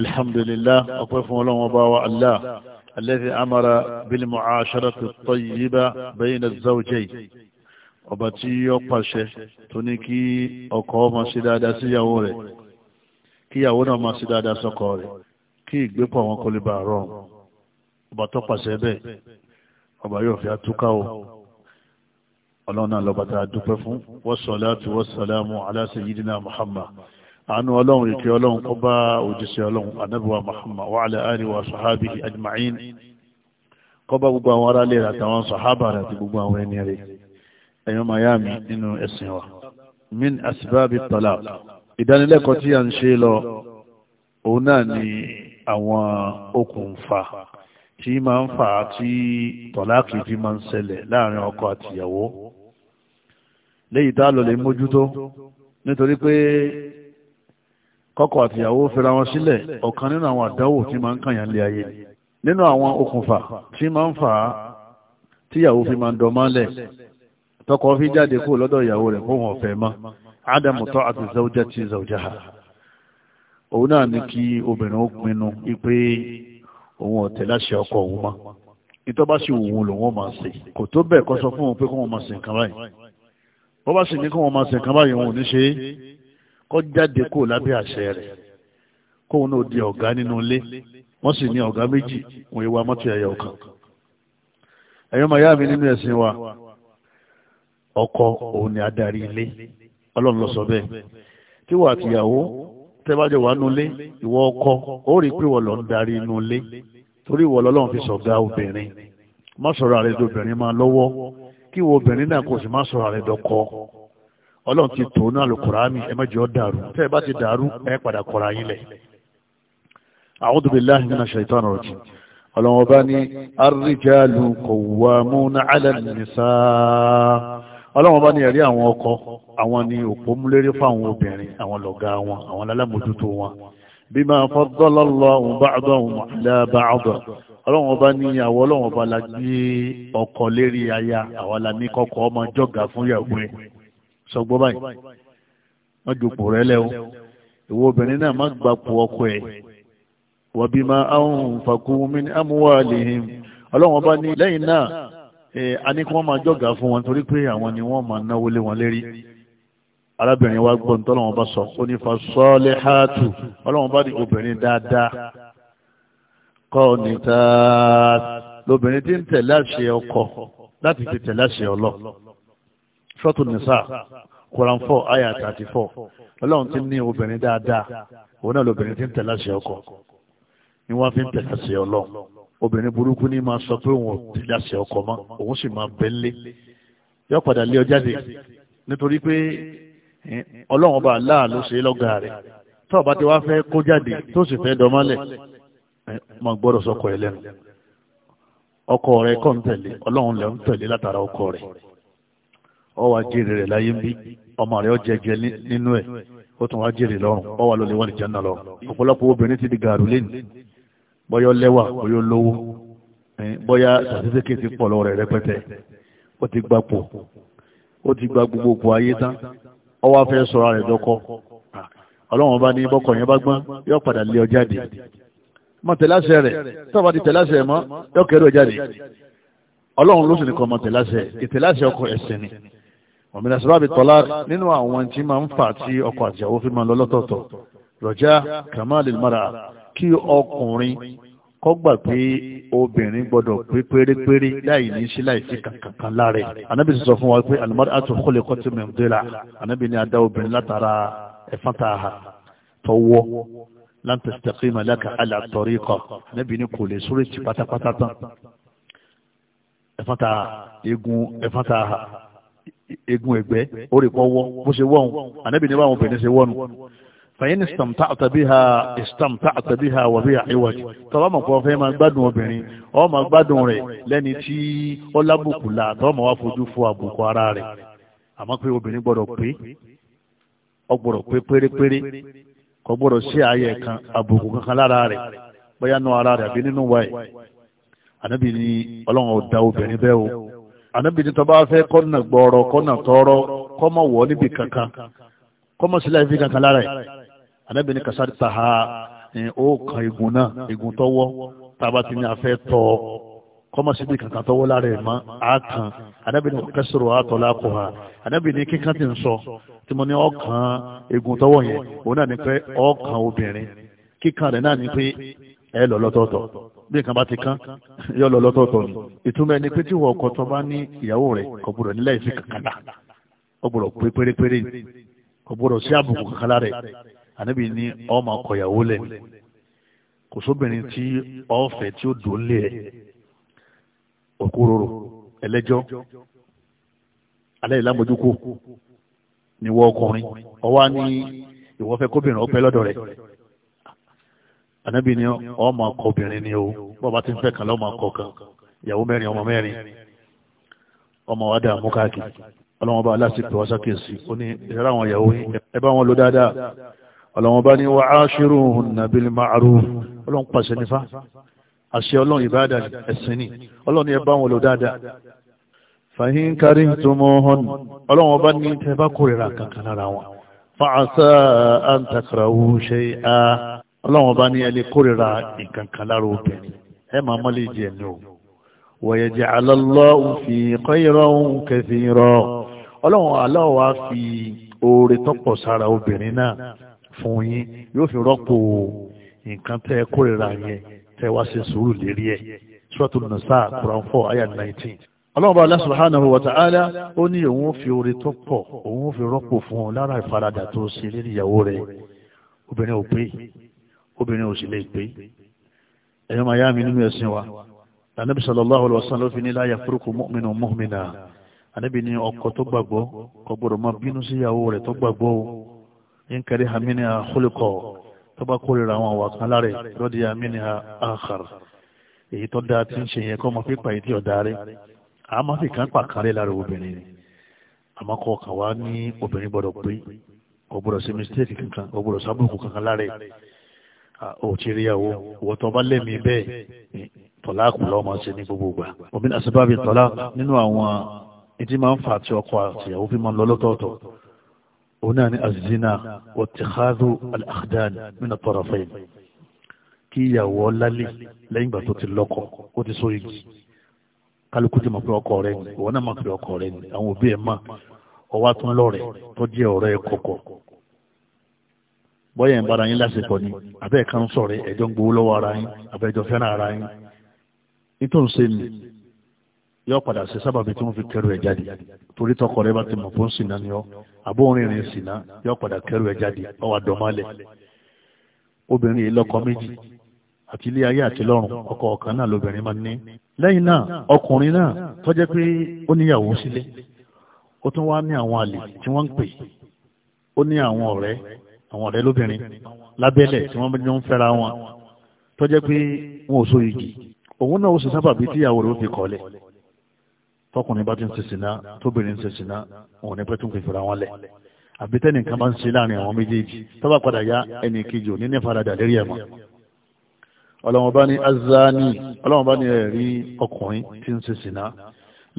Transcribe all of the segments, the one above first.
alhamdulillah ọpẹ́ fún ọlọ́wọ́ bá wa allah alladhi amara bil mu'asharati tayyiba bayna zawjayn ọba tí ó pàṣẹ tó ní kí ọkọ máa ṣe dáadáa síyàwó rẹ̀ kíyàwó náà máa ṣe dáadáa sọ́kọ rẹ̀ kí ìgbépọ̀ àwọn kò lè bá rọ̀ ọba tó pàṣẹ bẹ́ẹ̀ ọba yóò fi àtúkà o ọlọ́run náà lọ́ba tá a dúpẹ́ fún wassalatu wassalamu ala sayyidina muhammad àánú ọlọ́run ìkẹ́ ọlọ́run kó bá òjíṣẹ́ ọlọ́run anábíwá Muhammad wa ala alihi wa sahabihi ajma'in kó bá gbogbo àwọn aráalé rẹ̀ àtàwọn sàhábà rẹ̀ àti gbogbo àwọn ẹni rẹ̀ ẹ̀yọ́ miami nínú ẹ̀sìn wa min asbabi talaq ìdánilẹ́kọ̀ọ́ tí a ń ṣe lọ òun náà ni àwọn okùnfà tí máa ń fà á tí tọ̀láàkì fi máa ń ṣẹlẹ̀ láàrin ọkọ àtìyàwó léyìí tá a lọ lè mójútó nítorí pé kọ́kọ àtìyàwó fẹ́ra wọn sílẹ̀ ọ̀kan nínú àwọn àdáwò tí máa ń kàyàn lé ayé nínú àwọn okùnfà tí máa ń fà á tíyàwó fi máa ń dọ̀mọ́lẹ̀ tọkọ fi jáde kó lọ́dọ̀ ìyàwó rẹ̀ fóun ọ̀fẹ́ mọ́ ádámù tọ́ àti zawjá ti zawjá òun náà ní kí obìnrin ó pinnu pé òun ọ̀tẹ̀ láṣẹ ọkọ òun mọ́ ìtọ́ bá sì wù lòun máa ṣe kò tó bẹ́ẹ̀ kọ́ sọ fún òun pé kó wọn máa ṣe nǹkan báyìí bó bá sì ní kó wọn máa ṣe nǹkan báyìí òun ò ní ṣe é kó jáde kó lábẹ́ àṣẹ rẹ̀ kóun náà di ọ̀gá nínú ilé wọ́n sì ní ọ̀gá méjì wọ́n ewa mọ́tò ẹ̀yà ọ̀kan. ẹ̀yọ́ màá yá mi nínú ẹ̀sìn wa ọkọ òun ni adarí ilé ọlọ́run lọ sọ bẹ́ẹ̀ tí wọ́n àtìyàwó tẹ́bájọ wà nínú ilé ìwọ ọkọ ó rí pé wọ́n lọ ń darí inú ilé torí ìwọ lọ́lọ́run fi sọ̀gá obìnrin má sọ̀rọ̀ àrẹ̀dọ̀ obìnrin máa lọ́wọ́ kí ìwọ obìnrin náà kò sì má sọ̀rọ̀ àrẹ̀dọ̀ kọ́ ọlọ́run ti tó náà lò kùránì ẹ má jẹ́ ọ dàrú tẹ́ ẹ bá ti dàrú ẹ padà kọ́ra yín lẹ̀. a'udhu billahi minash shaitani rajim ọlọ́run ọba ní ar-rijalu qawwamuna 'ala an-nisaa ọlọ́run ọba ní ẹ̀rí àwọn ọkọ àwọn ni òpó múlérí fáwọn obìnrin àwọn lọ̀gá wọn àwọn alámòjútó wọn bima faddala Allahu ba'dahum 'ala ba'd ọlọ́run ọba ní ìyàwó ọlọ́run ọba la gbé ọkọ lérí aya àwọn alamí kọ́kọ́ ọmọ jọ̀gá fún yàwó sọgbọ́ báyìí má jòpò rẹ lẹ́wọ́ ìwọ obìnrin náà má gbapò ọkọ ẹ̀ wọ́n bí ma áhùn fàkúnmi amúwàlìhìn ọlọ́run ọba ní lẹ́yìn náà a ní kí wọ́n máa jọ̀gà fún wọn torí pé àwọn ni wọ́n máa náwó lé wọn lérí arábìnrin wa gbọ́n tọ́lọ́wọ́n bá sọ ó ní fa sọ́ọ́lẹ̀ háàtù ọlọ́run bá ní obìnrin dáadáa kọ́ ní lóbìnrin tí ń tẹ̀lé àṣẹ ọkọ láti fi tẹ̀lé àṣẹ ọlọ́ọ̀ ṣọ́tù nìsà Quran four ayah thirty four ọlọ́run ti ní obìnrin dáadáa òun náà lóbìnrin ti ń tẹ̀lé àṣẹ ọkọ ni wọ́n fi ń tẹ̀lé àṣẹ ọlọ́run obìnrin burúkú ní máa sọ pé òun ò tẹ̀lé àṣẹ ọkọ mọ́ òun sì máa bẹ́ lé yọ padà lé ọ jáde nítorí pé ọlọ́run ọba aláà ló ṣe é lọ́gàá rẹ̀ tó ọba tí wàá fẹ́ kó jáde tó sì fẹ́ dọmọ́lẹ̀ máa gbọ́dọ̀ sọkọ ẹ lẹ́nu ọkọ rẹ̀ kọ́ ń tẹ̀lé ọlọ́run lẹ́ ń tẹ̀lé látara ọkọ rẹ̀ ọ wà jèrè rẹ̀ láyé ń bí ọmọ rẹ̀ ọ jẹjẹ nínú ẹ̀ ó tún wá jèrè lọ́rùn ọ wà lọ́lẹ̀ wọ́n lè jẹ́nà lọ ọ̀pọ̀lọpọ̀ obìnrin ti di gàrú lẹ́nu bọ́yá lẹ́wà bọ́yá lówó bọ́yá sàtífíkì ti pọ̀ lọ́rẹ̀ rẹpẹtẹ ó ti gba pò ó ti gba gbogbo òpó ayé tán ọ wá fẹ́ sọ̀rọ̀ rẹ̀ dọ́kọ́ ọlọ́run bá ní bọ́kọ̀ yẹn bá gbọ́n yóò padà lé ọ jáde mọ tẹ̀láṣẹ rẹ̀ tọ́ba ti tẹ̀láṣẹ mọ́ yóò kẹ́rù ọ jáde ọlọ́run ló sì ní kọ́ mọ tẹ̀láṣẹ ìtẹ̀láṣẹ ọkọ̀ ẹ̀sìn ni ọ̀mìnà sábàbí tọ́lá nínú àwọn tí máa ń fà tí ọkọ àtìyàwó fi máa lọ lọ́tọ̀ọ̀tọ̀ rọ̀já kamalil mara kí ọkùnrin kọ́gbà pé obìnrin gbọ́dọ̀ pé pérépéré láì ní sí láìsí kankan lára ẹ̀ anábì sọ fún wa pé al-mar'atu khuliqat min dila anábì ní adá obìnrin látara ẹ̀fọn tá a hà tọwọ́ lan tastaqima laka ala tariqa anábì ní kò lè sórí ti pátápátá tán ẹ̀fọn tá egun ẹ̀fọn tá a egun ẹ̀gbẹ́ orí kọ́ wọ́ bó ṣe wọ́n ànábì ní báwọn obìnrin ṣe wọ́nu fàyín istamta àtàbíha istamta àtàbíha wà bí àìwájú tọ́wọ́ mọ̀ kọ́ fẹ́ máa gbádùn obìnrin ọ́ máa gbádùn rẹ̀ lẹ́ni tí ó lábùkù là tọ́wọ́ mọ̀ wá fojú fo àbùkù ara rẹ̀ àmọ́ pé obìnrin gbọ́dọ̀ pé ọ gbọ́dọ̀ pé pérépéré kò gbọ́dọ̀ sí ààyè kan àbùkù kankan lára rẹ̀ bóyá nù ara rẹ̀ àbí nínú wa ẹ̀ ànábì ọlọ́run ò da obìnrin bẹ́ẹ̀ o ànábì ní tọba fẹ́ kọ́nà gbọ́ọ̀rọ̀ kọ́nà tọ́ọ̀rọ̀ kọ́mọ̀ wọ̀ níbi kankan kọ́mọ̀ sílẹ̀ fi kankan lára ẹ̀ ànábì ní kasari taha ó kan igun náà igun tọ́wọ́ tába ti ní afẹ́ tọ́ kọ́mọ̀ síbi kankan tọ́wọ́ lára ẹ̀ mọ́ á kan ànábì ní kẹsìrò àtọ̀ lákò ha ànábì ní kíkan ti ń sọ tí mo ní ọkàn igun tọ́wọ́ yẹn òun náà ní pé ọkàn obìnrin kíkan rẹ̀ náà ní pé ẹ lọ lọ́tọ̀ọ̀tọ̀ bí nǹkan bá ti kán yọ lọ lọ́tọ̀ọ̀tọ̀ ni ìtumọ̀ ẹni pé tí wọ́n ọkọ tó bá ní ìyàwó rẹ̀ kò gbọ́dọ̀ nílẹ̀ ìfi kankana ó gbọ́dọ̀ pé pérépéré kò gbọ́dọ̀ sí àbùkù kankana rẹ̀ ànábì ní ọmọ ọkọ ìyàwó lẹ̀ kò sóbìnrin tí ọ̀fẹ́ tí ó dùn lé ẹ̀ òkúròrò ẹlẹ́jọ́ alẹ́ ìlàmójúkò ni wọ́n ọkùnrin ọwọ́ á ní ìwọ́fẹ́ ànábì ni ọmọ akọ obìnrin ni o bọ́ba ti ń fẹ́ kan akọ kan ìyàwó mẹ́rin ọmọ mẹ́rin ọmọ wa dààmú káàkiri ọlọ́wọ́n bá aláṣepẹ̀ wá ó ní ìrẹ́lá àwọn ìyàwó ẹ bá wọn lò dáadáa ọlọ́wọ́n bá ní wa ashiruhunna bil ma'ruf pàṣẹ nífà àṣẹ ọlọ́run ìbáadà ẹ̀sìn ni ọlọ́run ni ẹ bá wọn lò dáadáa fàyín kárí tó mọ́ ọ́n ọlọ́run ọba ní bá kórìíra kankan lára wọn fa'asa an takrahu shay'a ọlọ́run bá ní ẹni kórìíra nǹkan kan lára obìnrin ẹ máa mọ́lẹ̀ jẹ ní o wọ̀yẹ̀jẹ̀ alọ́lọ́ fi kọ́yìnrọ́ ń kẹfì rọ ọlọ́run aláwọ̀ á fi oore tọ́pọ̀ sára obìnrin náà fún yín yóò fi rọ́pò nǹkan tẹ́ ẹ kórìíra yẹn tẹ́ wá ṣe sùúrù lérí ẹ̀ sọ́tù nìsá Quran four ayah nineteen ọlọ́run bá Allah subhanahu wa ta'ala ó ní òun fi oore tọ́pọ̀ òun fi rọ́pò fún ọ lára ìfaradà tó ṣe lérí ìyàwó obìnrin ò sì lè pé ẹ̀yọ́ máa yá mi nínú ẹ̀sìn wa ànábì sallallahu alaihi wasallam ló fi ní la yafruqu mu'minun mu'mina ànábì ní ọkọ tó gbàgbọ́ kò gbọ́dọ̀ máa bínú sí ìyàwó rẹ̀ tó gbàgbọ́ o in kariha minha tó bá kórìíra àwọn àwọn kan lára radiya minha akhar èyí tó dáa ti ń ṣe yẹn kọ́ ọmọ pípa èyí tí ọ̀dà rẹ̀ àmọ́ fi kàn pàkàrẹ́ lára obìnrin àmọ́ kọ́ ọkàn ní obìnrin gbọ́dọ̀ pé kò sí mistake kankan kò sábùkù kankan lára òtíríyàwó ìwọ̀tọ̀ bá lẹ́mí bẹ́ẹ̀ tọ̀láàkù lọ́mọ ṣe ní gbogbo ìgbà òbí àṣìbábi tọ́lá nínú àwọn ìdí máa ń fà àti ọkọ àtìyàwó fi máa ń lọ lọ́tọ̀ọ̀tọ̀ òun náà ni azina wọ̀tíkádù al-akhdan min at-tarafayn kí ìyàwó lálẹ́ lẹ́yìn ìgbà tó ti lọ́kọ ó ti sórí igi kálukú ti mọ̀ pé ọkọ rẹ ni ìwọ náà mọ̀ pé ọkọ rẹ ni àwọn òbí ẹ̀ máa ọwọ́ àtúnlọ́rẹ̀ tó jẹ́ ọ̀rẹ́ kọ̀kọ̀ bọ́yẹ̀ ń bára yín lásìkò ni àbẹ́ẹ̀ kan sọ̀rẹ́ ẹ̀jọ́ ń gbowó lọ́wọ́ ara yín àbẹ́ẹ̀jọ́ fẹ́ràn ara yín nítorí ṣe ni yọ padà sí sábàbí tí wọ́n fi kẹrù ẹ̀ jáde torí tọkọ rẹ bá ti mọ̀ fún sínà ni ọ àbóhùn rìn sínà yọ padà kẹrù ẹ̀ jáde ọwọ́ àdọ́málẹ̀ obìnrin yìí lọ́kọ méjì àti ilé ayé àti lọ́run ọkọ ọ̀kan náà lobìnrin máa ń ní lẹ́yìn náà ọkùnrin náà tó pé ó níyàwó sílé ó tún wá ní àwọn àlè tí wọ́n ń pè ó ní àwọn ọ̀rẹ́ àwọn ọ̀rẹ́ lóbìnrin lábẹ́lẹ̀ tí wọ́n jọ ń fẹ́ra wọn tó jẹ́ pé wọn ò so igi òun náà ó sì sábà bí tíyàwó rẹ̀ ó fi kọ́lẹ̀ tọkùnrin bá ti ń ṣe sìná tóbìnrin ń ṣe sìná òun ní pẹ́ tún fi fìra wọn lẹ̀ àbí tẹ́nìkan bá ń ṣe láàrin àwọn méjèèjì tó padà yá ẹnì kejì ò ní ní faradà lérí ẹ̀mọ́ ọlọ́wọ́n bá ní azani ọlọ́wọ́n bá ní ẹ̀rí ọkùnrin tí ń ṣe sìná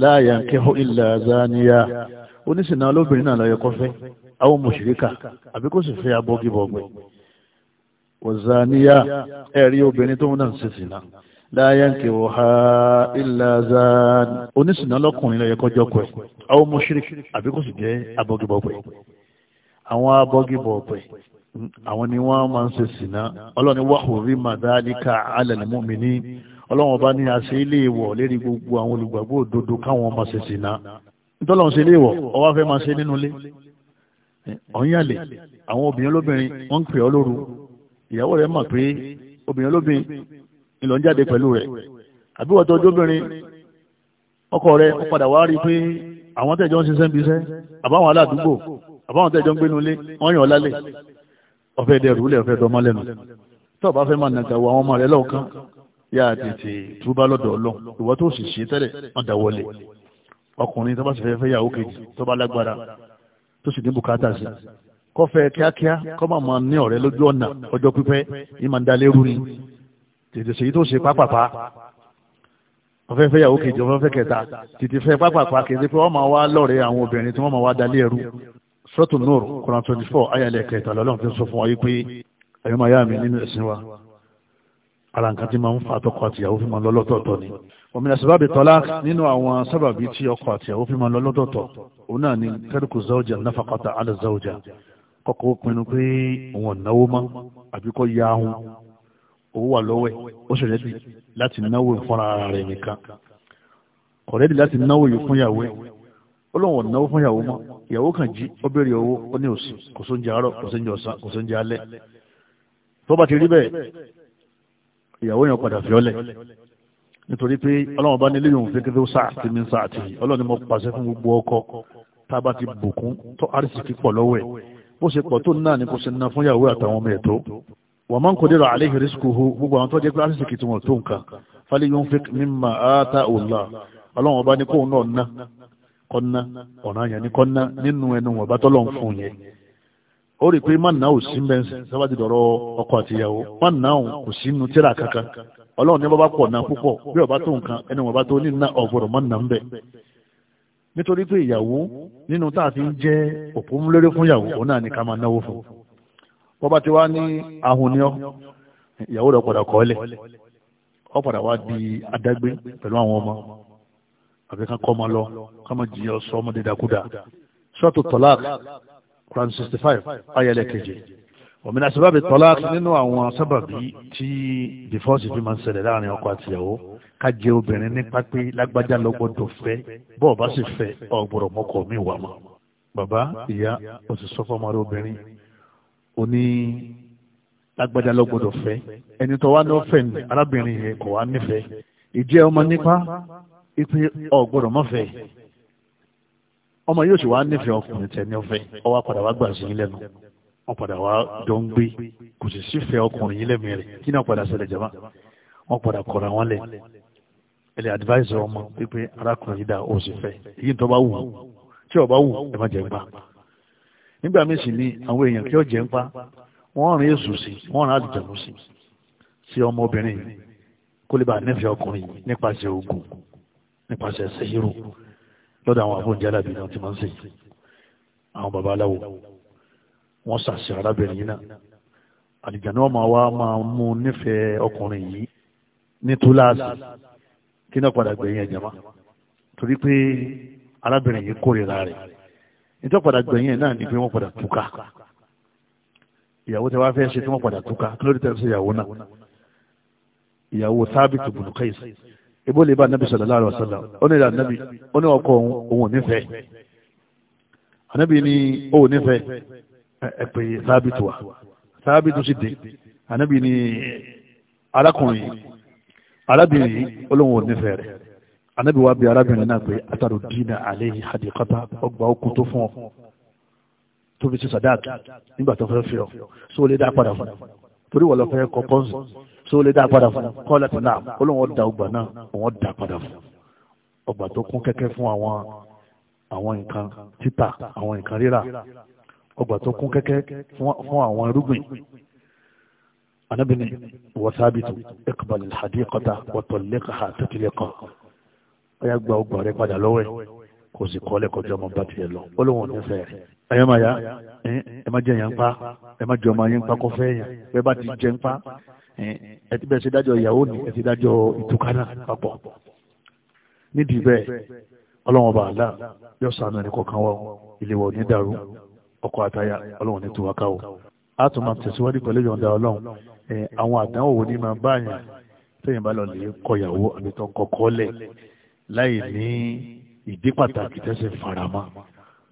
la yankihu illa zaniya oníṣìná lóbìnrin náà ló yẹ kó àwọn mùsùlùkà àbí kò sì fẹ́ abọ́gí bọ̀gbẹ́ wọ̀záníyà ẹ̀rí obìnrin tó ń náà ṣe sìnà láyé ń kèwò ha ilà zan onísìnà lọ́kùnrin lọ́yẹ kọjọ́ pẹ̀ àwọn mùsùlùkà àbí kò sì jẹ́ abọ́gí bọ̀gbẹ́ àwọn abọ́gí bọ̀gbẹ́ àwọn ni wọ́n máa ń ṣe sìnà ọlọ́ni wàhùrí màdáníkà alẹ́ mọ́mìnì ọlọ́wọ́n bá ní àṣẹ ilé ìwọ̀ lérí ọ̀nyàlè àwọn obìnrin lóbìnrin wọ́n ń pè ọ́ lóru ìyàwó rẹ̀ mọ̀ pé obìnrin lóbìnrin ìlọ ń jáde pẹ̀lú rẹ̀ àbíwọ̀tọ̀ ọjọ́bìnrin ọkọ rẹ̀ ó padà wá rí pé àwọn tẹ̀jọ́ ń ṣiṣẹ́ ń bíṣẹ́ àbáwọn aládùúgbò àbáwọn tẹ̀jọ́ ń gbénu ilé wọ́n yàn lálẹ́ ọ̀fẹ́ dẹrù lẹ̀ ọ̀fẹ́ dọmọ lẹ́nu tó bá fẹ́ máa nàgà àwọn ọmọ rẹ̀ lọ́ọ̀kan yá tètè túbá lọ́dọ̀ ọlọ́run ìwọ tó sì ṣe tẹ́lẹ̀ wọ́n wọlé ọkùnrin tó bá sì fẹ́ fẹ́ yàwó kejì tó bá lágbára tó sì ní bùkátà sí kọfẹ kíákíá kọ máa ma ní ọ̀rẹ́ lójú ọ̀nà ọjọ́ pípẹ́ yìí máa ń dalé rú ni tètè sèyí tó ṣe pápápá ọfẹ fẹ́ yàwó kejì ọfẹ fẹ́ kẹta tètè fẹ́ pápápá kejì pé wọn máa wá lọ́rẹ̀ẹ́ àwọn obìnrin tí wọn máa wá dalé ẹrú sọtún nùr kọrọ twenty four ayálẹ kẹta lọlọrun fi sọ fún wa yìí pé ayọmọ ayá mi nínú ẹ̀sìn wa ara nǹkan tí máa ń fa tọkọ àtìyàwó fi máa lọ lọ́tọ̀ọ̀tọ̀ ni òmìnira sábàbí tọ́lá nínú àwọn sábàbí tí ọkọ àtìyàwó fi máa lọ lọ́tọ̀ọ̀tọ̀ òun náà ni tẹ́lẹ̀kù zaújà náfàkọ́tà alẹ́ zaújà kọ́kọ́ pinnu pé òun ọ̀náwó mọ́ àbí kọ́ ya ahun owó wà lọ́wọ́ ẹ̀ ó sì rẹ́dì láti náwó fúnra rẹ̀ nìkan kò rẹ́dì láti náwó yìí fún yàwó ó lóun ọ̀náwó fún yàwó mọ́ ìyàwó kan jí ó béèrè owó ó ní òsì kò sóúnjẹ àárọ̀ kò sóúnjẹ ọ̀sán kò sóúnjẹ alẹ́ tó bá ti rí bẹ́ẹ̀ ìyàwó yẹn padà fiọ́lẹ̀ nítorí pé ọlọ́run bá nílé yòówù fẹ́kẹ́ tó sáà ti mi sáà ti ọlọ́run ni mo pàṣẹ fún gbogbo ọkọ tá a bá ti bùkún tó àrísìkí pọ̀ lọ́wọ́ ẹ̀ bó ṣe pọ̀ tó náà ni kò ṣe ná fún ìyàwó àtàwọn ọmọ ẹ̀ tó wọ́n máa ń kó dérò àléhìn rísíkù hó gbogbo àwọn tó jẹ́ pé àrísìkí tí wọ́n tó nǹkan fálẹ́ yóò fẹ́ mímọ áátá ó rí i pé mánà ò sí mbẹ́ sábàtì dọ̀rọ̀ ọkọ àtìyàwó mánà kò sí inú tíra kankan ọlọ́run ní bábá pọ̀ náà púpọ̀ bí ọba tó nǹkan ẹni wọn bá tó ní ná ọ̀gbọ̀rọ̀ mánà ń bẹ̀ nítorí pé ìyàwó nínú tá a fi ń jẹ́ òpó múlẹ́rẹ́ fún ìyàwó òun náà ni ká máa náwó fún wọ́n bá ti wá ní ahun ni ọ́ ìyàwó rẹ̀ padà kọ́lẹ̀ ọ́ padà wá di adágbé pẹ̀lú àwọn ọmọ àbí ká kọ́ ọmọ lọ ká má jìyà sọ ọmọdé dákúdà sọ́ọ̀tù tọ́láàkì Quran sixty five ayẹlẹ keje òmìnira sábàbí tọ́lá nínú àwọn sábàbí tí divorce fi máa ń ṣẹlẹ̀ láàrin ọkọ àtìyàwó ká jẹ obìnrin nípa pé lágbájá lọ́gbọ́dọ̀ fẹ́ bọ́ọ̀ bá sì fẹ́ ọ̀gbọ̀rọ̀ mọ́kọ̀ mi wà mọ́. bàbá ìyá o ti sọ fọmọ rẹ obìnrin o ní lágbájá lọ́gbọ́dọ̀ fẹ́ ẹni tó wá ní ọ̀fẹ́ ni arábìnrin yẹn kò wá nífẹ̀ẹ́ ìjẹ́ ọmọ nípa ipe ọ̀gbọ̀rọ̀ mọ́fẹ̀ẹ́ ọmọ yóò sì wá nífẹ̀ẹ́ ọkùnrin tẹ̀mí ọ̀fẹ́ ọwọ́ padà wá gbà sí ilẹ̀ nù wọ́n padà wá jọ ń gbé kò sì sífẹ̀ẹ́ ọkùnrin yìí lẹ́mìí rẹ̀ kí náà padà ṣẹlẹ̀ jama wọ́n padà kọ̀ra wọn lẹ̀ ẹ̀lẹ́ advisor ọmọ pípé arákùnrin yìí dá o sì fẹ́ èyí tó bá wù tí ó bá wù ẹ má jẹ́ ń pa nígbà míì sì ni àwọn èèyàn kí ó jẹ́ ń pa wọ́n rìn èso sí wọ́n rìn àdìjàmú sí sí ọmọbìnrin kó nífẹ̀ẹ́ ọkùnrin nípasẹ̀ ogun nípasẹ̀ sẹ́yìrò lọ́dọ̀ àwọn àbúrò jálàbí náà ti máa ń sè àwọn baba aláwo wọ́n sàṣẹ arábìnrin yìí náà àdìjànú ọmọ wa máa mú nífẹ̀ẹ́ ọkùnrin yìí ní túláàsì kí náà padà gbẹ̀yìn ẹ̀jẹ̀ máa torí pé arábìnrin yìí kórìíra rẹ̀ nítorí padà gbẹ̀yìn ẹ̀ náà ni pé wọ́n padà túká ìyàwó tẹ wá fẹ́ ṣe tí wọ́n padà túká kí ló dé tẹ́ ṣe ìyàwó náà ìyàwó sábìtì bùnú kẹ́yìsì ìbò lè bá anabi sallallahu alaihi wasallam ó ní anabi ó ní ọkọ òun nífẹ̀ẹ́ anabi ní òun nífẹ̀ẹ́ ẹ pé sábìtù wa sábìtù sì dé anabi ní arákùnrin arábìnrin olóhùn òun nífẹ̀ẹ́ rẹ̀ anabi wa bi arábìnrin náà pé ataro dina aleyhi hadikata ọgbà okùn tó fún ọ tóbi ti nígbà tó fẹ́ fẹ́ ọ sóò dá padà fún torí wọ́n lọ fẹ́ kọ́ pọ́ǹsì tó lè dá padà fún kọ́lá tó náà olóhùn da ọgbà náà òun dá padà fún ọgbà tó kún kẹ́kẹ́ fún àwọn àwọn nǹkan títà àwọn nǹkan rírà ọgbà tó kún kẹ́kẹ́ fún àwọn irúgbìn anabini wasabitu iqbal alhadiqata wa talliqha tatliqa ọyà gba ọgbà rẹ padà lọ́wọ́ ẹ̀ kò sì kọ́lẹ̀ kọjọ́ ọmọ bá tiẹ̀ lọ olóhùn ọdún fẹ́ẹ́ ẹ̀yọ́ màá yá ẹ má jẹ́ yẹn ń pa ẹ má jẹ́ ọmọ yẹn ń pa kọfẹ́ yẹn bẹ́ẹ̀ bá ti jẹ́ ń pa ẹ ti bẹ́ẹ̀ ṣe dájọ́ ìyàwó ni ẹ ti dájọ́ ìtukánà papọ̀ nídìí bẹ́ẹ̀ ọlọ́wọ́n bá àlá yọ sànù ẹni kọ̀ọ̀kan wa ilé wa ò ní dàrú ọkọ̀ àtayà ọlọ́wọ́n ní tiwa ká o. a tún máa tẹ̀síwájú pẹ̀lú ìyọ̀ǹda ọlọ́run àwọn àdánwò wo ni máa báyàn tẹ̀yìn bá lọ lè kọyàwó àbí tó kọ̀kọ́ lẹ̀ láì ní ìdí pàtàkì tẹ́sẹ̀ faramọ́